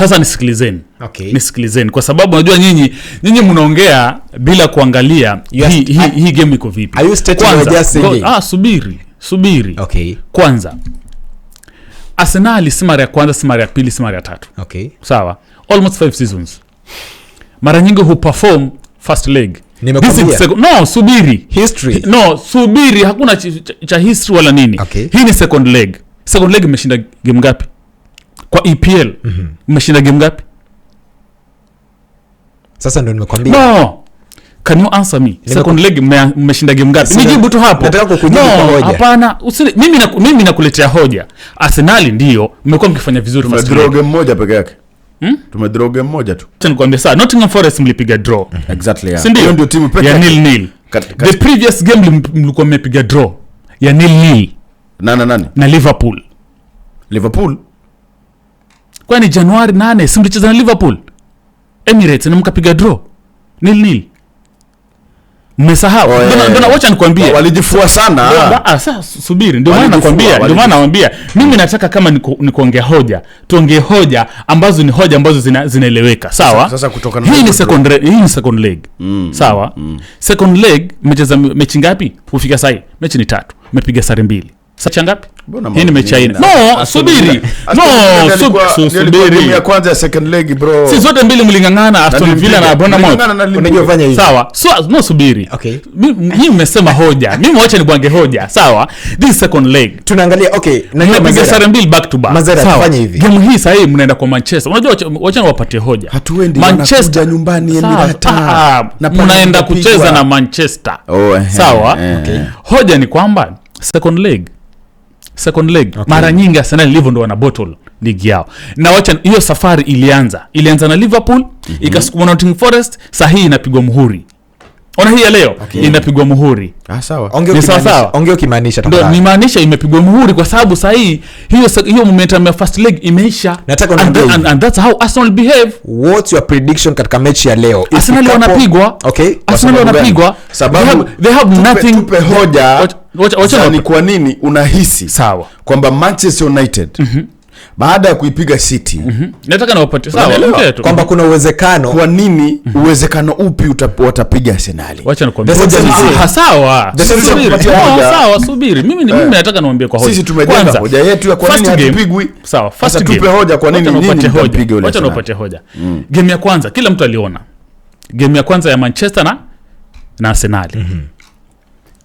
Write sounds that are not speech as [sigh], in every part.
Sasa nisikilizeni, okay. Nisikilizeni kwa sababu unajua nyinyi nyinyi mnaongea bila kuangalia hii hi, hi game iko vipi. ah, subiri subiri, okay. Kwanza Arsenal si mara ya kwanza, si mara ya pili, si mara ya tatu, okay. Sawa, almost five seasons, mara nyingi huperform first leg No, subiri history. No, subiri hakuna cha history wala nini, okay. Hii ni second leg. Second leg imeshinda game ngapi? kwa EPL mhm. mmeshinda mm -hmm. game ngapi? Sasa ndo nimekwambia. No. Can you answer me? Second leg mmeshinda game ngapi? Nijibu tu hapo. Nataka kukujibu no, hoja. Hapana, mimi na, mimi nakuletea hoja. Arsenal ndio mmekuwa mkifanya vizuri first. game moja peke yake. Hmm? game moja tu. Nottingham Forest mlipiga draw. Mm -hmm. Exactly. Yeah. ndio timu pekee. Ya nil nil. The previous game mlikuwa mmepiga draw ya nil nil. nani? Na Liverpool. Liverpool kwani Januari nane simlicheza na Liverpool Emirates na mkapiga draw nil nil. Mmesahau? Ndio, wacha nikwambie, walijifua sana. Ah, sa, subiri, ndio maana nakwambia, ndio maana nakwambia mimi nataka kama nikuongea hoja, tuongee hoja ambazo ni hoja ambazo zina, zinaeleweka sawa. Sasa kutokana hii ni second leg, hii ni second leg mm, sawa mm. mm. Second leg mmecheza mechi ngapi kufika sasa? Mechi ni tatu, mepiga sare mbili Sacha ngapi? Hii ni mechi aina No, subiri. No, subiri. Ya kwanza ya second leg bro. Si zote mbili mlingangana Aston Villa na Bournemouth. Unajua fanya hivi. Sawa. So, no subiri. Okay. Mimi nimesema hoja. Mimi ni bwange hoja. Sawa. This second leg. Tunaangalia okay. Na hiyo piga sare mbili back to back. Mazara fanya hivi. Game hii sasa hii mnaenda kwa Manchester. Unajua wacha wapate hoja. Hatuendi Manchester nyumbani Emirati. Ah, ah, mnaenda kucheza na Manchester. Oh, eh, Sawa. Eh, eh. Hoja ni kwamba second leg second leg okay. Mara nyingi Arsenal livo ndo wana bottle ligi yao, na wacha hiyo safari ilianza ilianza na Liverpool mm -hmm. Ikasukuma Nottingham Forest, saa hii inapigwa muhuri ona hii ya leo okay. Inapigwa muhuri ah, Ni sawa sawa, ongea ukimaanisha, ndio nimaanisha imepigwa muhuri kwa sababu saa hii hiyo hiyo momentum ya first leg imeisha, nataka and, and, and that's how Arsenal behave. What's your prediction katika mechi ya leo? Arsenal wanapigwa, okay, Arsenal wanapigwa sababu they have they have nothing. Tupe hoja ni kwa nini unahisi sawa kwamba Manchester United mm -hmm. baada ya kuipiga City mm -hmm. nataka niwapatie sawa kwamba kuna uwezekano. Kwa nini mm -hmm. uwezekano upi watapiga Arsenal? Wacha ah, ah, sawa, ah, sawa, subiri. Mimi ni eh. mimi nataka niwaambie kwa hoja, sisi tumejenga hoja yetu ya kwa nini Sawa, first game tupe hoja kwa nini hoja. Mm. Game ya kwanza kila mtu aliona, game ya kwanza ya Manchester na na Arsenal mm -hmm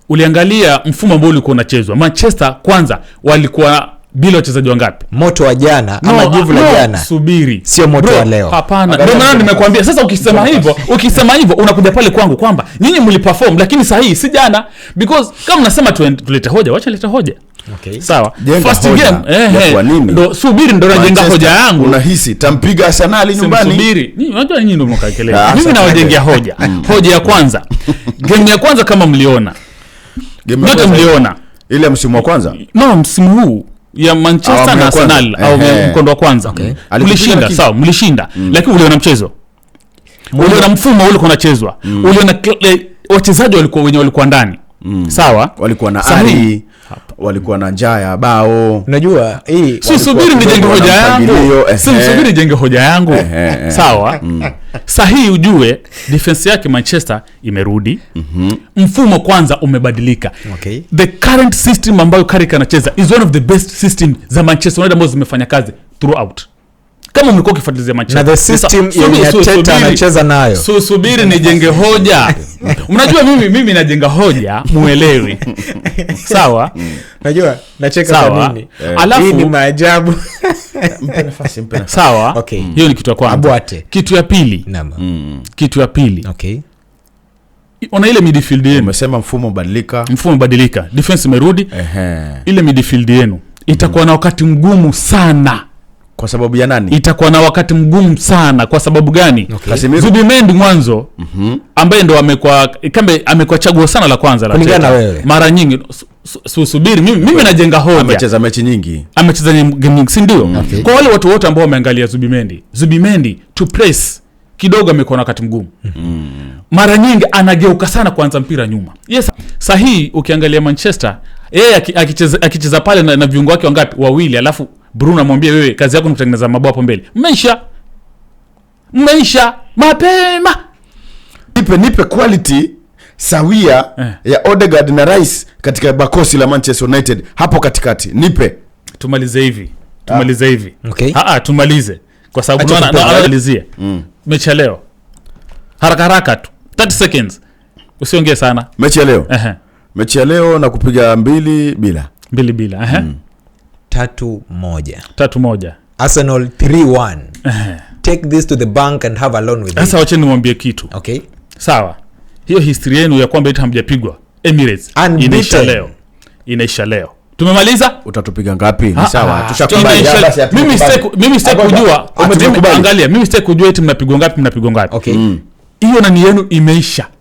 uliangalia mfumo ambao ulikuwa unachezwa Manchester, kwanza walikuwa bila wachezaji wangapi? Moto wa jana no, ama jivu la no, jana subiri, sio moto wa leo. Hapana, ndio maana nimekuambia sasa. Ukisema hivyo ukisema hivyo unakuja pale kwangu kwamba nyinyi mliperform, lakini sahihi si jana, because kama nasema tulete hoja, wacha leta hoja Okay. Sawa. Jenga First hoja. game eh, hey. kwa nini Ndo subiri ndo najenga hoja yangu. Unahisi tampiga Arsenal nyumbani? Subiri. Ni unajua nyinyi ndio mnakaa ah, Mimi nawajengea hoja. [laughs] Mm. Hoja ya kwanza. Game ya kwanza kama mliona nyote mliona ile msimu wa kwanza, no, msimu huu ya Manchester na Arsenal au mkondo wa kwanza okay. Mlishinda sawa, mlishinda mm. Lakini uliona mchezo, uliona mfumo ulikuwa unachezwa mm. Uliona eh, wachezaji walikuwa wenye walikuwa ndani Mm. Sawa, walikuwa na ari, walikuwa na njaa ya bao. Unajua hii subiri nijenge hoja yangu, subiri hoja yangu sawa mm. Sahi ujue defense yake Manchester imerudi mm -hmm. Mfumo kwanza umebadilika okay. The current system ambayo Carrick anacheza is one of the best system za Manchester United ambazo zimefanya kazi throughout kama umekuwa ukifuatilia Manchester na the system ya Teta anacheza nayo, susubiri nijenge hoja. [laughs] Unajua mimi mimi najenga hoja, muelewi [laughs] sawa? Najua nacheka kwa nini, eh. alafu ni maajabu. [laughs] Mpe nafasi, mpe nafasi. Sawa, okay. Mm. Hiyo ni kitu ya kwanza. kitu ya pili. Naam, mm. kitu ya pili. Okay ona ile midfield yenu, umesema mfumo badilika, mfumo badilika, defense imerudi. Ehe, ile midfield yenu itakuwa mm. na wakati mgumu sana kwa sababu ya nani? Itakuwa na wakati mgumu sana. Kwa sababu gani? Okay. Zubi Mendi mwanzo mm -hmm. ambaye ndo amekuwa kambe amekuwa chaguo sana la kwanza la mara nyingi susubiri mimi, mimi najenga hoja. Amecheza mechi nyingi, amecheza nyingi, si ndio? Okay. Mhm. Kwa wale watu wote ambao wameangalia Zubi Mendi, Zubi Mendi to place kidogo amekuwa na wakati mgumu mm. Mara nyingi anageuka sana kuanza mpira nyuma. Yes, sahihi. Ukiangalia Manchester yeye akicheza akicheza pale na, na viungo wake wangapi? Wawili, alafu Bruno amwambia wewe, kazi yako ni kutengeneza mabao hapo mbele. Mmeisha, mmeisha mapema. Nipe nipe quality sawia eh, ya Odegaard na Rice katika bakosi la Manchester United hapo katikati, nipe. Tumalize hivi, ah. tumalize hivi, okay. ah, ah tumalize kwa sababu na analizia. mm. mechi ya leo haraka haraka tu 30 seconds, usiongee sana. Mechi ya leo uh -huh. mechi ya leo na kupiga mbili bila mbili bila uh -huh. mm tatu moja sasa wache nimwambie kitu okay sawa hiyo historia yenu ya kwamba hamjapigwa inaisha leo inaisha leo tumemaliza utatupiga ngapi mimi sitaki kujua mnapigwa ngapi mnapigwa ngapi hmm. hiyo okay. mm. nani yenu imeisha